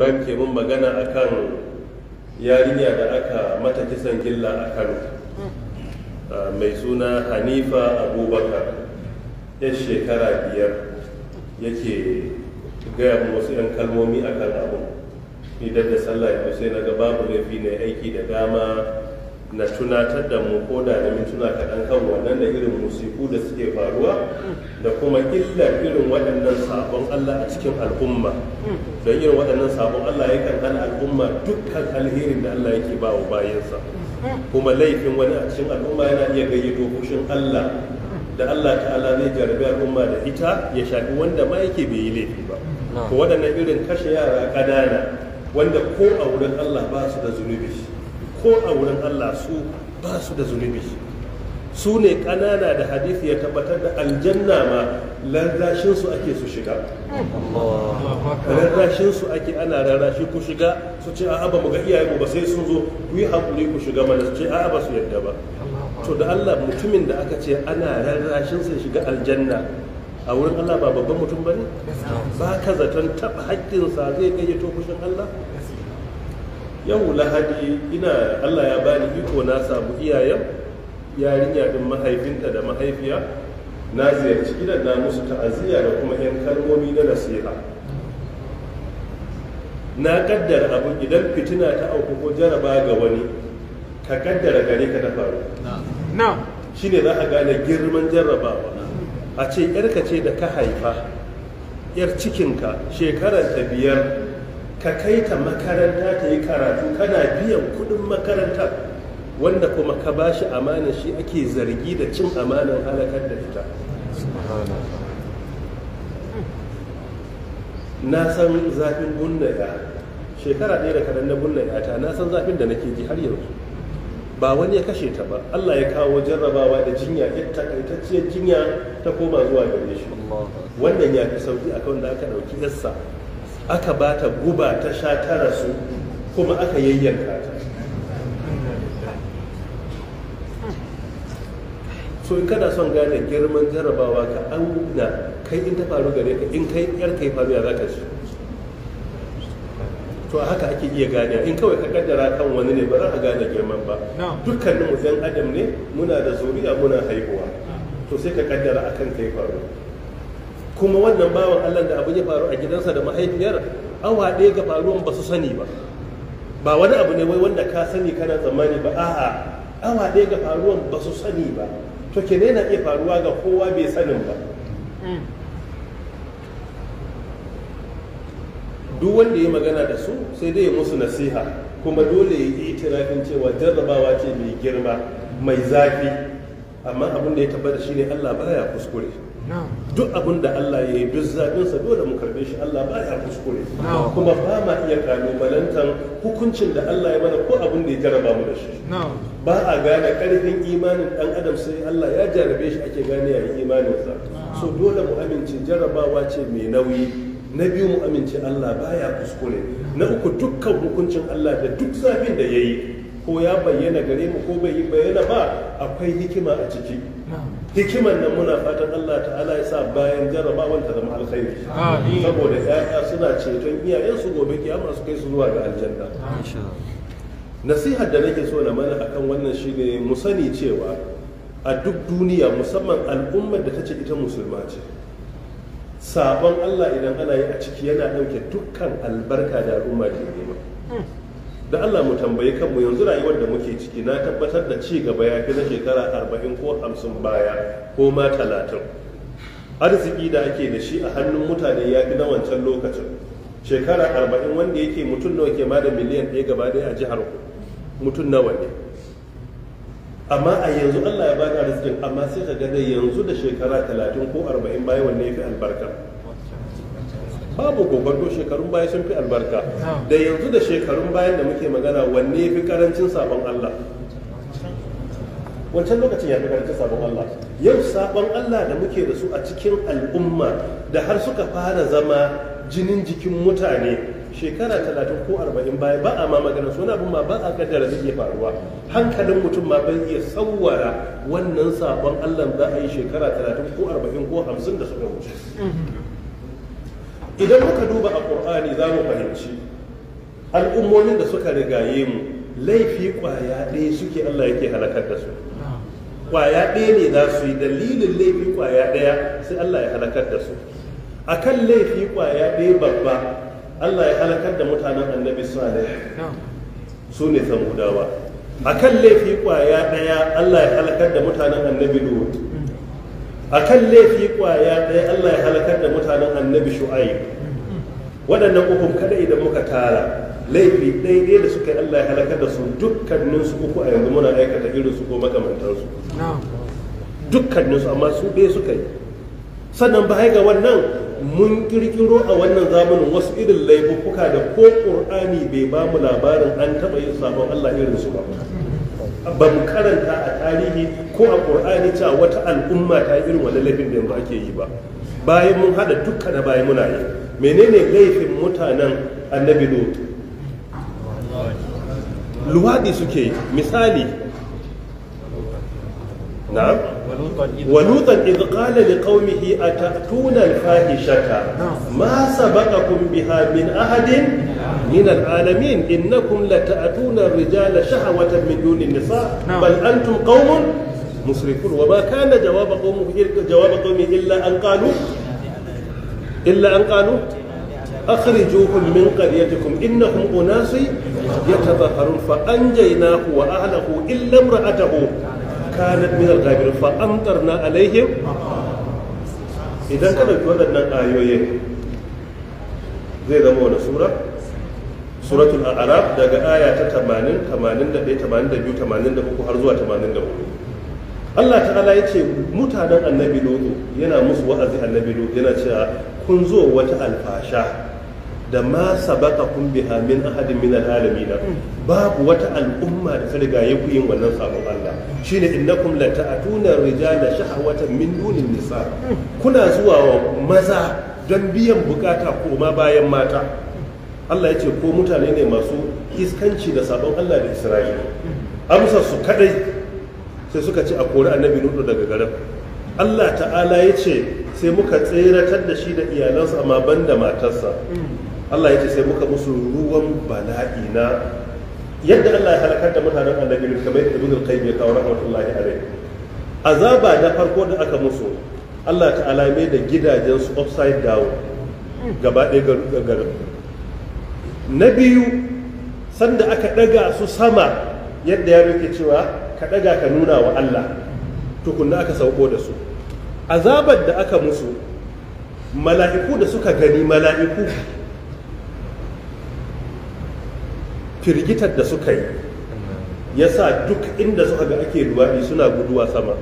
frank ke mun magana akan yarinya da aka mata kisan gilla a kano hmm. ah, mai suna hanifa abubakar ya shekara biyar yake gaya wasu 'yan kalmomi akan abu idan da sallah ya sai na ga babu laifi na aiki da dama na tunatar da mu ko da na mintuna kaɗan kan wannan da irin musiku da suke faruwa da kuma illa irin waɗannan sabon Allah a cikin al'umma don irin waɗannan sabon Allah ya kan hana al'umma dukkan alherin da Allah yake ba wa bayansa kuma laifin wani a cikin al'umma yana iya gayyato fushin Allah da Allah ta'ala zai jarabi al'umma da ita ya shafi wanda ma yake bai yi laifi ba ko waɗannan irin kashe yara ƙanana wanda ko a wurin Allah ba su da zunubi ko a wurin Allah su ba su da zunubi su ne ƙanana da hadisi ya tabbatar da aljanna ma lardashinsu ake su shiga lardashinsu ake ana rarrashi ku shiga su ce a'a ba mu ga iyayenmu ba sai sun zo ku yi hakuri ku shiga mana su ce a'a ba su yadda ba to da Allah mutumin da aka ce ana rarrashin sai shiga aljanna a wurin Allah ba babban mutum bane ne ba ka zaton taɓa haƙƙinsa zai gayyato kushin Allah yau lahadi ina allah ya bani iko na samu iyayen yarinya din mahaifinta da mahaifiya na ziyarci gidan na musu ta'aziyya da kuma 'yan kalmomi na nasira. na kaddara abu idan fitina ta auku ko jaraba ga wani ka kaddara gare ka ta faru ne za a gane girman jarrabawa a ce yarka ce da ka haifa yar cikinka shekarar ta biyar ka kai ta makaranta ta yi karatu kana biyan kudin makaranta wanda kuma ka ba shi amana shi ake zargi da cin amanar halakar da ita na san zafin gunna ya shekara ɗaya da kadan na gunna ya ta na san zafin da nake ji har yanzu ba wani ya kashe ta ba Allah ya kawo jarrabawa da jinya ya takaitacciyar jinya ta koma zuwa gare shi wannan ya fi sauki akan da aka ɗauki yassa aka ba ta guba ta sha ta rasu kuma aka yayyanka ta so in kana son gane girman jarabawa ka auna kai in ta faru gare ka in kai yar kai faru ya zaka ci to a haka ake iya gane in kawai ka kaddara kan wani ne ba za a gane girman ba dukkanin mu adam ne muna da zuriya muna haihuwa to sai ka kaddara akan kai faru kuma wannan bawan Allah da abin ya faru a gidansa da mahaifiyar awa ɗaya ga faruwan ba su sani ba ba wani abu ne wai wanda ka sani kana tsammani ba a'a awa ɗaya ga faruwan ba su sani ba to ke na iya faruwa ga kowa bai sanin ba duk wanda ya magana da su sai dai ya musu nasiha kuma dole ya yi itirafin cewa jarrabawa ce mai girma mai zafi amma abin da ya tabbata shine Allah baya kuskure duk abin da Allah ya yi duk zaɓinsa dole mu karɓe shi Allah ba ya kuskure kuma ba ma iya balantan hukuncin da Allah ya mana ko abin da ya jaraba mu da shi ba a gane karfin imanin ɗan adam sai Allah ya jarabe shi ake gane yayin sa so dole mu amince jarabawa ce mai nauyi na biyu mu amince Allah ba ya kuskure na uku dukkan hukuncin Allah da duk zafin da ya yi ko ya bayyana gare mu ko bai bayyana ba akwai hikima a ciki hikiman nan muna fatan Allah ta'ala ya sa bayan jarrabawan ta zama alkhairi saboda 'ya'ya suna ceton iyayen su gobe kiyama masu kai su zuwa ga aljanna nasihar da nake so na mana akan wannan shine mu sani cewa a duk duniya musamman al'ummar da ta ce ita musulma ce sabon Allah idan ana yi a ciki yana ɗauke dukkan albarka da al'umma ke nema da Allah mu tambayi kanmu yanzu rayuwar da muke ciki na tabbatar da ci gaba ya fi na shekara arba'in ko hamsin baya ko ma talatin arziki da ake da shi a hannun mutane ya fi na wancan lokacin shekara arba'in wanda yake mutum nawa ke ma da miliyan ɗaya gaba ɗaya a jihar ku mutum nawa ne amma a yanzu Allah ya ka arzikin amma sai ka ga yanzu da shekara talatin ko arba'in baya wanne ya fi albarka babu kokonto shekarun baya sun fi albarka da yanzu da shekarun bayan da muke magana wanne fi karancin sabon Allah wancan lokacin ya fi karancin sabon Allah yau sabon Allah da muke da su a cikin al'umma da har suka fara zama jinin jikin mutane shekara talatin ko arba'in baya ba a ma suna suna ma ba a kaddara zai iya faruwa hankalin mutum ma bai iya tsawara wannan sabon Allah za a yi shekara talatin ko arba'in ko hamsin da suka wuce idan muka duba a ƙur'ani za mu fahimci al'ummomin da suka rigaye mu laifi ƙwaya ɗaya suke allah yake halakar da su ƙwaya ɗaya ne za su yi dalilin laifi ƙwaya ɗaya sai allah ya halakar da su a kan laifi ƙwaya ɗaya babba allah ya halakar da mutanen annabi salih su ne samudawa a kan laifi ƙwaya ɗaya allah ya halakar da mutanen annabi lut a kan laifi kwaya ɗaya Allah ya halakar da mutanen annabi shu'ayi waɗannan ukun kada idan muka tara laifi ɗaya da suka yi Allah ya halakar da su dukkanin su uku a yanzu muna aikata irin su ko makamantansu dukkanin su amma su ɗaya suka yi sannan ba ga wannan mun kirkiro a wannan zamanin wasu irin laifuka da ko ƙur'ani bai ba mu labarin an taɓa yin sabon Allah irin su ba ba mu karanta a tarihi ko a ƙur'ani cewa wata al'umma ta yi irin wani laifin da yanzu ake yi ba bayan mun haɗa dukkan na bayan muna yi menene laifin mutanen annabi lut luwaɗi suke misali na walutan idh qala liqaumihi atatuna al-fahishata ma sabaqakum biha min ahadin من العالمين إنكم لتأتون الرجال شهوة من دون النساء بل أنتم قوم مسرفون وما كان جواب قومه جواب قومه إلا أن قالوا إلا أن قالوا أخرجوهم من قريتكم إنهم أناس يتطهرون فأنجيناه وأهله إلا امرأته كانت من الغابرين فأمطرنا عليهم إذا كانت waɗannan ayoyin zai zama wani sura suratul a'raf daga aya ta 80 81 82 83 har zuwa 84 Allah ta'ala ya ce mutanen annabi lodo yana musu wa'azi annabi lodo yana cewa kun zo wata alfasha da ma sabaka kun biha min ahadin min alamin babu wata al'umma da ta riga ya yin wannan sabon Allah shine innakum la ta'tuna rijala shahwatan min dunin nisa kuna zuwa wa maza dan biyan bukata koma bayan mata Allah ya ce ko mutane ne masu iskanci da sabon Allah da Isra'ila amsa su kadai sai suka ce a kori annabi nudu daga garin Allah ta'ala ya ce sai muka tseratar da shi da iyalansa amma ban da matarsa Allah ya ce sai muka musu ruwan bala'i na yadda Allah ya halakar da mutanen annabi Nuhu kamar yadda Ibn kai ya kawo rahmatullahi alaihi azaba da farko da aka musu Allah ta'ala mai da gidajensu upside down gaba ɗaya garin na biyu sanda aka ɗaga su sama yadda ya rike cewa ka ɗaga ka nuna wa Allah tukunna aka sauko da su azabar da aka musu mala'iku da suka gani mala'iku firgitar da suka yi ya sa duk inda suka ga ake luwaɗi suna guduwa sama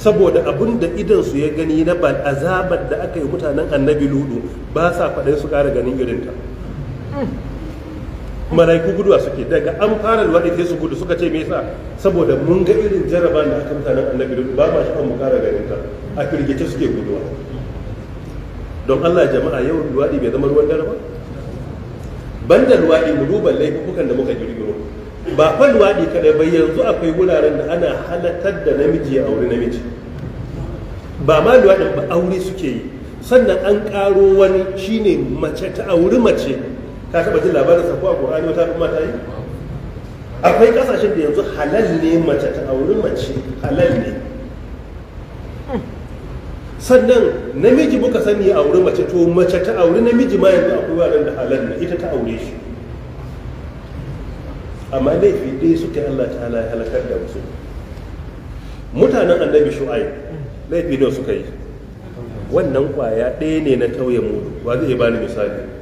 saboda abin da idansu ya gani na ban azabar da aka yi mutanen annabi ludu ba sa faɗin su ƙara ganin irinta malaiku guduwa suke daga an fara luwaɗi sai su gudu suka ce me yasa saboda mun ga irin jaraba da aka mutanen annabi da ba ma shi mu kara garin ta a firgice suke guduwa don Allah jama'a yau luwaɗi bai zama ruwan dare ba banda luwaɗi mu duba laifukan da muka girgiro ba fa luwaɗi kaɗai ba yanzu akwai wuraren da ana halatar da namiji ya auri namiji ba ma luwaɗin ba aure suke yi sannan an ƙaro wani shine mace ta auri mace ka taba jin labarin sa ko a Qur'ani wata kuma ta yi akwai kasashen da yanzu halal ne mace ta auri mace halal ne sannan namiji muka sani ya auri mace to mace ta auri namiji ma yanzu akwai wadan da halal ne ita ta aure shi amma laifi dai suka Allah ta'ala ya halakar da wasu mutanen annabi shu'aib laifi ne suka yi wannan kwaya ɗaya ne na tauye mudu wa zai bani misali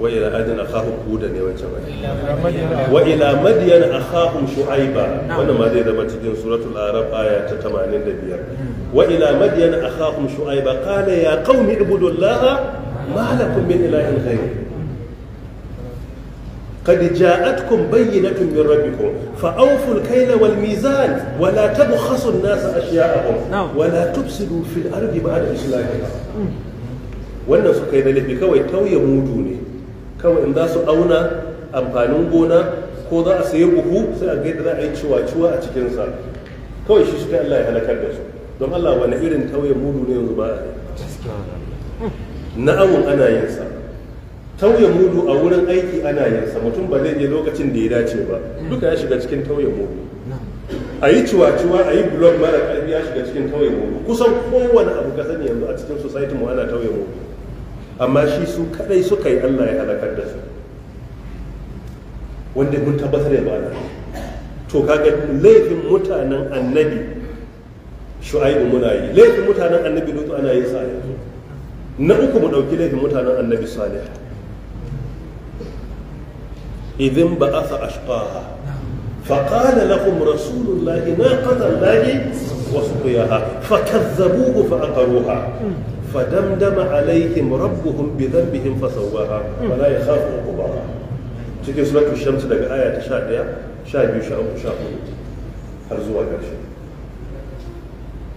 wa ila adin akhahum huda ne wancan ayi wa ila madyan akhahum shu'aiba wannan ma zai zama cikin suratul aya ta 85 wa ila madyan akhahum shu'aiba qala ya qaumi ibudullaha ma قد جاءتكم بينة من ربكم فأوفوا الكيل والميزان ولا تبخسوا الناس أشياءهم ولا تفسدوا في الأرض بعد إصلاحها wannan su kai da laifi kawai tauye mudu ne kawai in za su auna amfanin gona ko za a sayi buhu sai a gaida za a yi ciwa-ciwa a cikinsa kawai shi shi Allah ya halakar da su don Allah wani irin tauye mudu ne yanzu ba a na'amun ana yin sa tauye mudu a wurin aiki ana yin sa mutum ba zai je lokacin da ya dace ba duka ya shiga cikin tauye mudu a yi ciwa-ciwa a yi blog mara karfi ya shiga cikin tauye mudu kusan kowane abu ka sani yanzu a cikin society mu ana tauye mudu amma shi su kadai suka yi Allah ya halakar da su wanda mun tabbatar da bana to kaga laifin mutanen annabi shu'aibu muna yi laifin mutanen annabi lutu ana yin sa yanzu na uku mu dauki laifin mutanen annabi salih idin ba'atha ashqaha فقال لهم رسول الله ناقة الله وسقياها فكذبوه فأقروها fadamdama alaihim rabbuhum bi dhanbihim fasawwaha wala yakhafu uqbaha cikin suratu shams daga aya ta 11 12 sha 14 har zuwa ƙarshe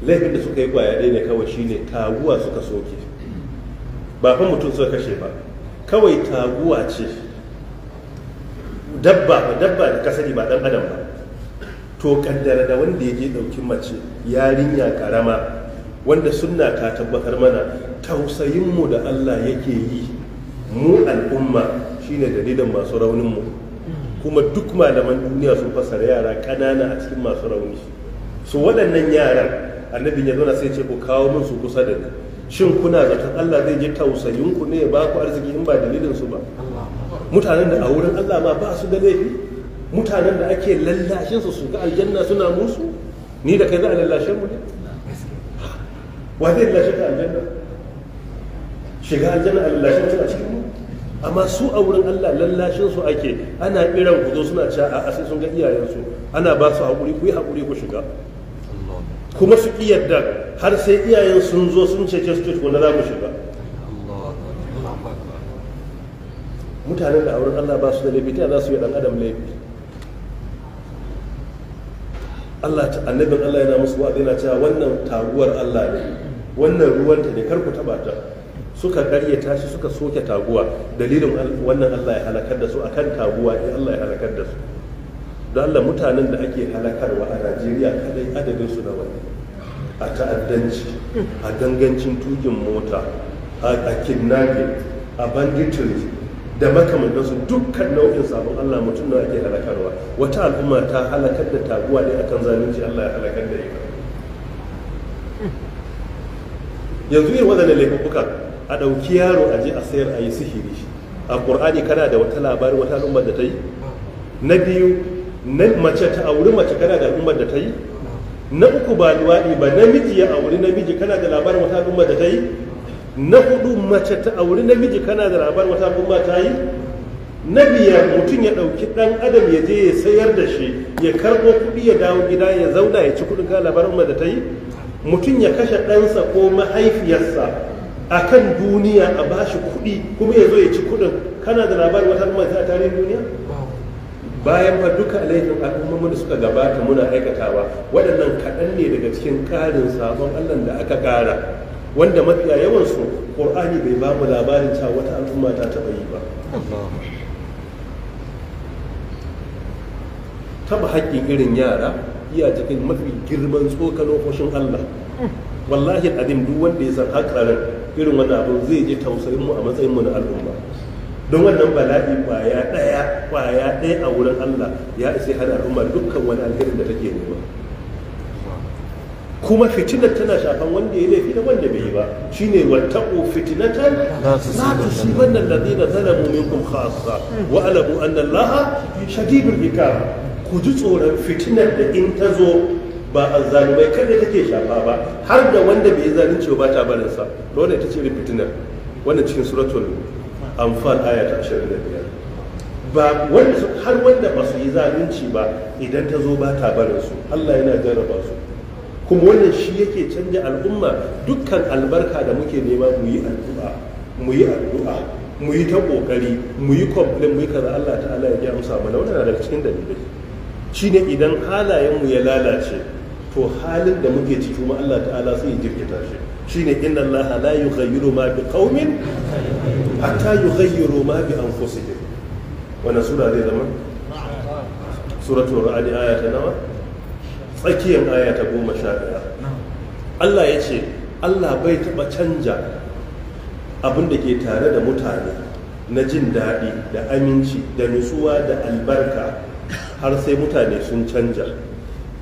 laifin da suka yi kwaya ɗaya ne kawai shine taguwa suka soke ba fa mutum suka kashe ba kawai taguwa ce dabba ba dabba da kasari ba dan adam ba to kaddara da wanda ya je ɗauki mace yarinya karama wanda sunna ta tabbatar mana tausayinmu da Allah yake yi mu al'umma shine dalilin masu rauninmu kuma duk malaman duniya sun fasara yara kanana a cikin masu rauni su waɗannan yaran annabin ya zauna sai ce ku kawo min su kusa da ni shin kuna zaton Allah zai ji tausayinku ne ba ku arziki in ba dalilin su ba mutanen da a wurin Allah ma ba su da laifi mutanen da ake lallashin su su ga aljanna suna musu ni da kai za a lallashe mu ne wa zai lashe ta aljanna shiga aljanna a lashe mutum a cikin mu amma su a wurin Allah lallashin su ake ana irin guzo suna ca a sai sun ga iyayensu ana ba su haƙuri ku yi haƙuri ku shiga kuma su ƙi yarda har sai iyayen sun zo sun cece su ko na za mu shiga mutanen da a wurin Allah ba su da laifi ta za su yi dan adam laifi Allah ta annabin Allah yana musu wa'azi yana cewa wannan taruwar Allah ne wannan ruwanta ne kar ku taba ta suka karye tashi suka soke taguwa dalilin wannan Allah ya halakar da su akan taguwa ne Allah ya halakar da su don Allah mutanen da ake halakarwa a Najeriya kadai adadin su na wani a ta'addanci a gangancin tukin mota a kidnapping a banditry da su dukkan nau'in sabon Allah mutum na ake halakarwa wata al'umma ta halakar da taguwa ne akan zalunci Allah ya halakar da ita yanzu yin waɗannan laifuka a ɗauki yaro a je a sayar a yi sihiri a ƙur'ani kana da wata labarin wata al'ummar da ta yi na biyu na mace ta auri mace kana da al'ummar da ta yi na uku ba luwaɗi ba namiji ya auri namiji kana da labarin wata al'ummar da ta yi na hudu mace ta auri namiji kana da labarin wata al'umma ta yi na biyar mutum ya ɗauki ɗan adam ya je ya sayar da shi ya karɓo kuɗi ya dawo gida ya zauna ya ci kuɗin kan labarin da ta yi mutum ya kashe ɗansa ko mahaifiyarsa a kan duniya a ba shi kuɗi kuma ya zo ya ci kuɗin kana da labarin wata al'umma ta tarihin duniya bayan fa duka laifin al'ummomi da suka gabata muna aikatawa waɗannan kaɗan ne daga cikin ƙarin sabon allah da aka ƙara wanda mafiya yawansu ƙur'ani bai ba mu labarin cewa wata al'umma ta taɓa yi ba taɓa haƙƙin irin yara iya jikin mafi girman tsokano fashin Allah wallahi adim duk wanda ya san hakarar irin wani abu zai je tausayin mu a matsayin mu na al'umma don wannan bala'i kwaya daya kwaya daya a wurin Allah ya isa har al'umma dukkan wani alherin da take nema kuma fitinar tana shafan wanda ya laifi da wanda bai yi ba shine wattaqu fitnatan la tusibanna alladhina zalamu minkum khassa wa alamu anna allaha shadidul iqab ku ji tsoron fitinar da in ta zo ba a zalumai kada take shafa ba har da wanda bai zalunci ba ta barinsa da wanda ita ce fitinar wannan cikin suratul anfal aya ta 25 ba wanda har wanda ba su yi zalunci ba idan ta zo ba ta barinsu Allah yana jarraba su kuma wannan shi yake canja al'umma dukkan albarka da muke nema mu yi addu'a mu yi addu'a mu yi ta kokari mu yi complain mu yi kaza Allah ta'ala ya ji amsa mana wannan daga cikin dalilai shine idan halayenmu ya lalace to halin da muke ciki kuma Allah ta'ala sai ya jirkita shi shine inna allaha la yughayyiru ma bi qaumin hatta yughayyiru ma bi anfusihim wannan sura zai zama suratul ra'd aya ta nawa tsakiyar aya ta goma sha ɗaya Allah ya ce Allah bai taɓa canja abin da ke tare da mutane na jin daɗi da aminci da nutsuwa da albarka har sai mutane sun canja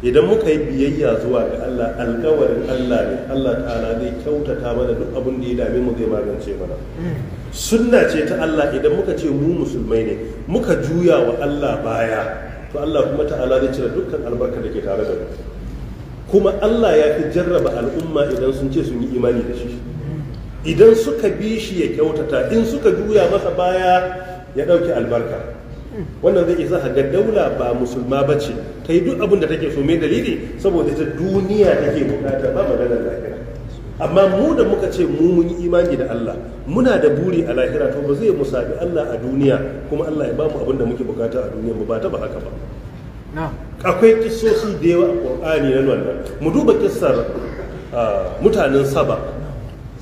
idan muka yi biyayya zuwa ga Allah alkawarin Allah ne Allah ta'ala zai kyautata mana duk abin da ya dame mu zai magance mana sunna ce ta Allah idan muka ce mu musulmai ne muka juya wa Allah baya to Allah kuma ta'ala zai cire dukkan albarka da ke tare da mu kuma Allah ya fi jarraba al'umma idan sun ce sun yi imani da shi idan suka bi shi ya kyautata in suka juya masa baya ya ɗauki albarka wannan zai isa ga daula ba musulma ba ce ta yi duk abin da take so mai dalili saboda ita duniya take bukata ba maganar lahira amma mu da muka ce mu mun yi imani da Allah muna da buri a lahira to ba zai musabi Allah a duniya kuma Allah ya bamu abin da muke bukata a duniya mu ba ta ba haka ba akwai kisosi da yawa a Qur'ani na wannan mu duba kissar ah, mutanen Saba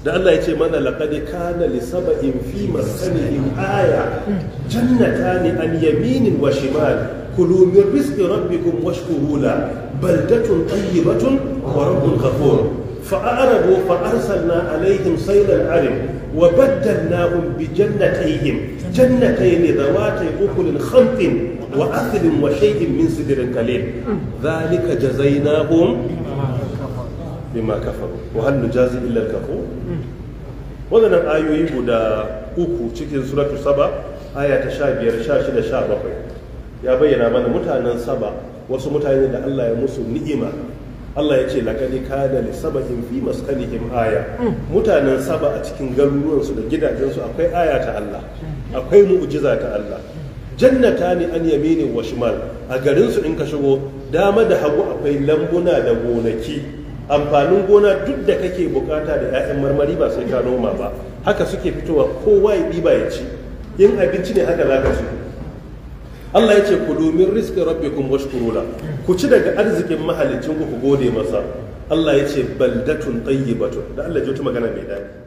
da Allah ya mana laƙad kana li sab'in fi maskanihim aya jannatani an yaminin wa shimal kulu min rizqi rabbikum washkuru la baldatun tayyibatun wa rabbun ghafur fa arabu fa arsalna alaihim sainar ari. wa badalnahum bi jannatihim jannatayn dawatay ukulin khamfin. wa aklin wa shay'in min sidrin kalim dhalika jazainahum bima kafaru wa hal nujazi illa al wadannan ayoyi guda uku cikin suratu saba aya ta 15 16 17 ya bayyana mana mutanen saba wasu mutane da Allah ya musu ni'ima Allah ya ce laƙadi kada li sabahin fi maskanihim aya mutanen saba a cikin garuruwansu da gidajensu akwai aya ta Allah akwai mu'jiza ta Allah jannata ne an yamini wa shimal a garinsu in ka shigo dama da hagu akwai lambuna da gonaki amfanin gona duk da kake bukata da 'ya'yan marmari ba sai ka noma ba haka suke fitowa kowa ya ɗiba ya ci yin abinci ne haka za ka ci Allah ya ce ku domin rizqi rabbikum kurola ku ci daga arzikin mahalicin ku ku gode masa Allah ya ce baldatun tayyibatun da Allah ya ji magana mai daɗi